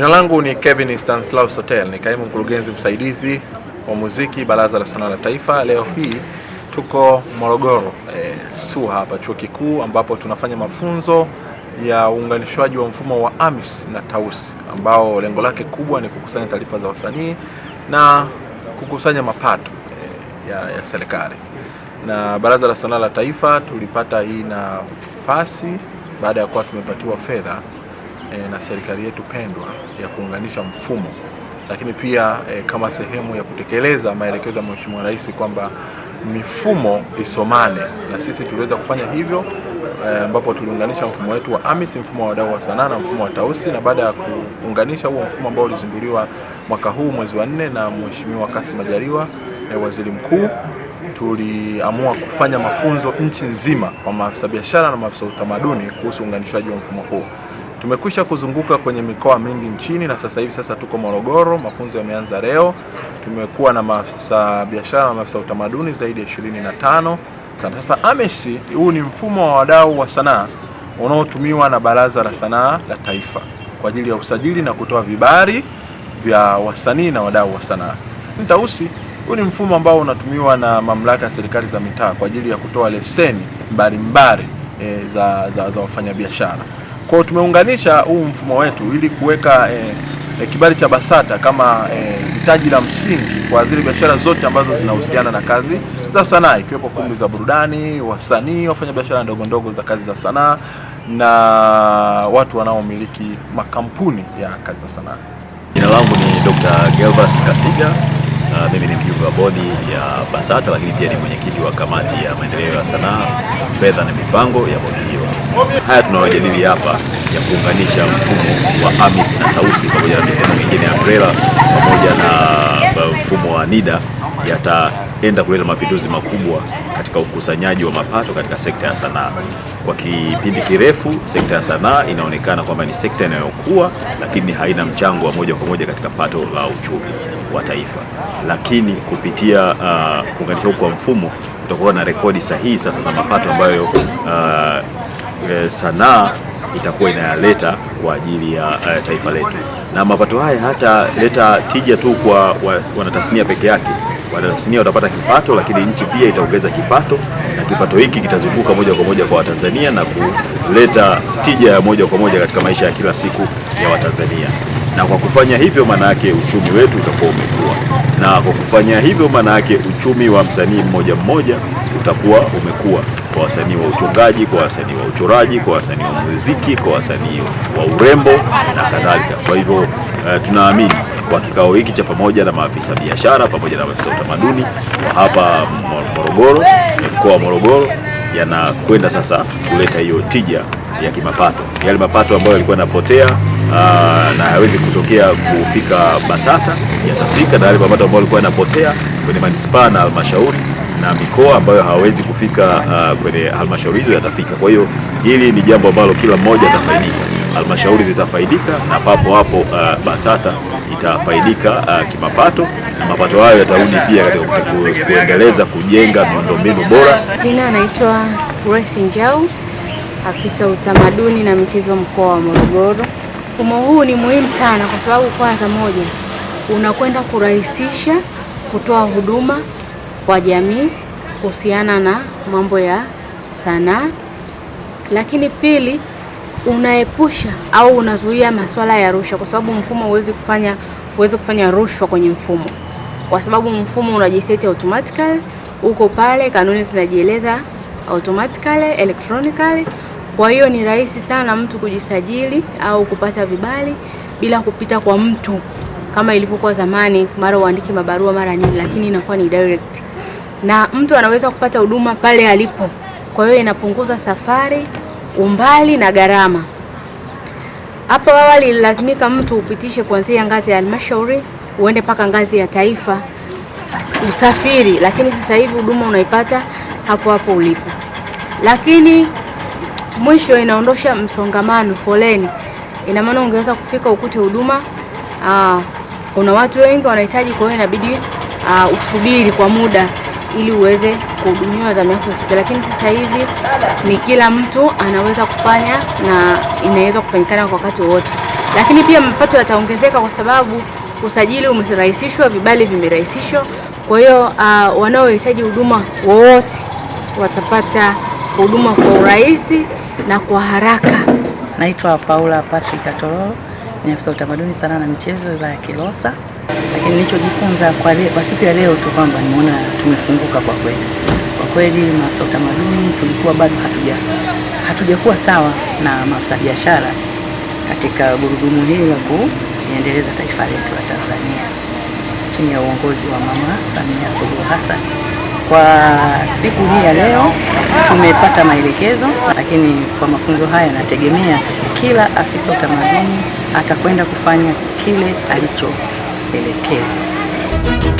Jina langu ni Kevin Stanislaus Hotel, ni kaimu mkurugenzi msaidizi wa muziki Baraza la Sanaa la Taifa. Leo hii tuko Morogoro e, SUA hapa chuo kikuu ambapo tunafanya mafunzo ya uunganishwaji wa mfumo wa AMIS na taus ambao lengo lake kubwa ni kukusanya taarifa za wasanii na kukusanya mapato e, ya, ya serikali. Na Baraza la Sanaa la Taifa tulipata hii nafasi baada ya kuwa tumepatiwa fedha e, na serikali yetu pendwa ya kuunganisha mfumo, lakini pia e, kama sehemu ya kutekeleza maelekezo ya Mheshimiwa Rais kwamba mifumo isomane, na sisi tuliweza kufanya hivyo eh, ambapo e, tuliunganisha mfumo wetu wa AMIS, mfumo wa wadau wa sanaa na mfumo wa Tausi, na baada ya kuunganisha huo mfumo ambao ulizinduliwa mwaka huu mwezi wa nne na Mheshimiwa Kassim Majaliwa e, Waziri Mkuu, tuliamua kufanya mafunzo nchi nzima kwa maafisa biashara na maafisa utamaduni kuhusu uunganishaji wa mfumo huu. Tumekwisha kuzunguka kwenye mikoa mingi nchini na sasa hivi sasa tuko Morogoro, mafunzo yameanza leo. Tumekuwa na maafisa biashara na maafisa utamaduni zaidi ya ishirini na tano. Sasa AMIS e huu ni mfumo wa wadau wa sanaa unaotumiwa na Baraza la Sanaa la Taifa kwa ajili ya usajili na kutoa vibali vya wasanii na wadau wa sanaa. Ntausi, huu ni mfumo ambao unatumiwa na mamlaka ya serikali za mitaa kwa ajili ya kutoa leseni mbalimbali e, za, za, za wafanyabiashara. Kwa hiyo tumeunganisha huu mfumo wetu ili kuweka eh, eh, kibali cha BASATA kama eh, hitaji eh, la msingi kwa zile biashara zote ambazo zinahusiana na kazi za sanaa ikiwepo kumbi za burudani, wasanii, wafanya biashara ndogo ndogo za kazi za sanaa na watu wanaomiliki makampuni ya kazi za sanaa. Jina langu ni Dr. Gervas Kasiga. Uh, mimi ni mjumbe wa bodi ya BASATA lakini pia ni mwenyekiti wa kamati ya maendeleo ya sanaa, fedha na mipango ya bodi hiyo. Haya tunayojadili hapa ya kuunganisha mfumo wa AMIS na Tausi pamoja na mifumo mingine ya BRELA pamoja na uh, mfumo wa NIDA yataenda kuleta mapinduzi makubwa katika ukusanyaji wa mapato katika sekta ya sanaa. Kwa kipindi kirefu, sekta ya sanaa inaonekana kwamba ni sekta inayokuwa, lakini haina mchango wa moja kwa moja katika pato la uchumi wa taifa, lakini kupitia uh, kuunganishwa kwa mfumo utakuwa na rekodi sahihi sasa za mapato ambayo uh, e, sanaa itakuwa inayaleta kwa ajili ya uh, taifa letu, na mapato haya leta tija tu kwa wa, wanatasnia peke yake. Wanatasnia watapata kipato, lakini nchi pia itaongeza kipato, na kipato hiki kitazunguka moja kwa moja kwa Watanzania na kuleta tija ya moja kwa moja katika maisha ya kila siku ya Watanzania na kwa kufanya hivyo maana yake uchumi wetu utakuwa umekua na kwa kufanya hivyo maana yake uchumi wa msanii mmoja mmoja utakuwa umekuwa, kwa wasanii wa uchongaji, kwa wasanii wa uchoraji, kwa wasanii wa muziki, kwa wasanii wa urembo na kadhalika. Kwa hivyo uh, tunaamini kwa kikao hiki cha pamoja na maafisa biashara pamoja na maafisa utamaduni wa hapa Morogoro, mkoa wa Morogoro, yanakwenda sasa kuleta hiyo tija ya kimapato, yale mapato ambayo yalikuwa yanapotea Ah, na hawezi kutokea kufika BASATA, yatafika na yale mapato ambayo walikuwa yanapotea kwenye manispaa na halmashauri na mikoa ambayo hawezi kufika uh, kwenye halmashauri hizo yatafika. Kwa hiyo hili ni jambo ambalo kila mmoja atafaidika, halmashauri zitafaidika na papo hapo uh, BASATA itafaidika uh, kimapato na mapato hayo yatarudi pia katika kuendeleza kujenga miundombinu bora. Jina anaitwa Grace Njau, afisa utamaduni na michezo mkoa wa Morogoro. Mfumo huu ni muhimu sana kwa sababu kwanza, moja, unakwenda kurahisisha kutoa huduma kwa jamii kuhusiana na mambo ya sanaa, lakini pili, unaepusha au unazuia masuala ya rushwa, kwa sababu mfumo huwezi kufanya huwezi kufanya rushwa kwenye mfumo, kwa sababu mfumo unajiseti automatically, uko pale, kanuni zinajieleza automatically electronically kwa hiyo ni rahisi sana mtu kujisajili au kupata vibali bila kupita kwa mtu kama ilivyokuwa zamani, mara uandike mabarua mara nini, lakini inakuwa ni direct na mtu anaweza kupata huduma pale alipo. Kwa hiyo inapunguza safari, umbali na gharama. Hapo awali ililazimika mtu upitishe kuanzia ngazi ya halmashauri uende mpaka ngazi ya taifa usafiri, lakini sasa hivi huduma unaipata hapo hapo ulipo, lakini mwisho inaondosha msongamano foleni. Ina maana ungeweza kufika ukute huduma ah, kuna watu wengi wanahitaji, kwa hiyo inabidi ah, usubiri kwa muda ili uweze kuhudumiwa zamu yako ifike. Lakini sasa hivi ni kila mtu anaweza kufanya na inaweza kufanyikana kwa wakati wote, Lakini pia mapato yataongezeka kwa sababu usajili umerahisishwa, vibali vimerahisishwa. Kwa hiyo uh, wanaohitaji huduma wowote watapata huduma kwa urahisi na kwa haraka. Naitwa Paula Patrick Katololo, ni afisa utamaduni, sana na michezo wilaya ya Kilosa. Lakini nilichojifunza kwa kwa siku ya leo tu kwamba nimeona tumefunguka kwa kweli. Kwa kweli maafisa utamaduni tulikuwa bado hatuja hatujakuwa sawa na maafisa biashara katika gurudumu hili la kuendeleza taifa letu la Tanzania chini ya uongozi wa Mama Samia Suluhu Hassan. Kwa siku hii ya leo tumepata maelekezo, lakini kwa mafunzo haya nategemea kila afisa utamaduni atakwenda kufanya kile alichoelekezwa.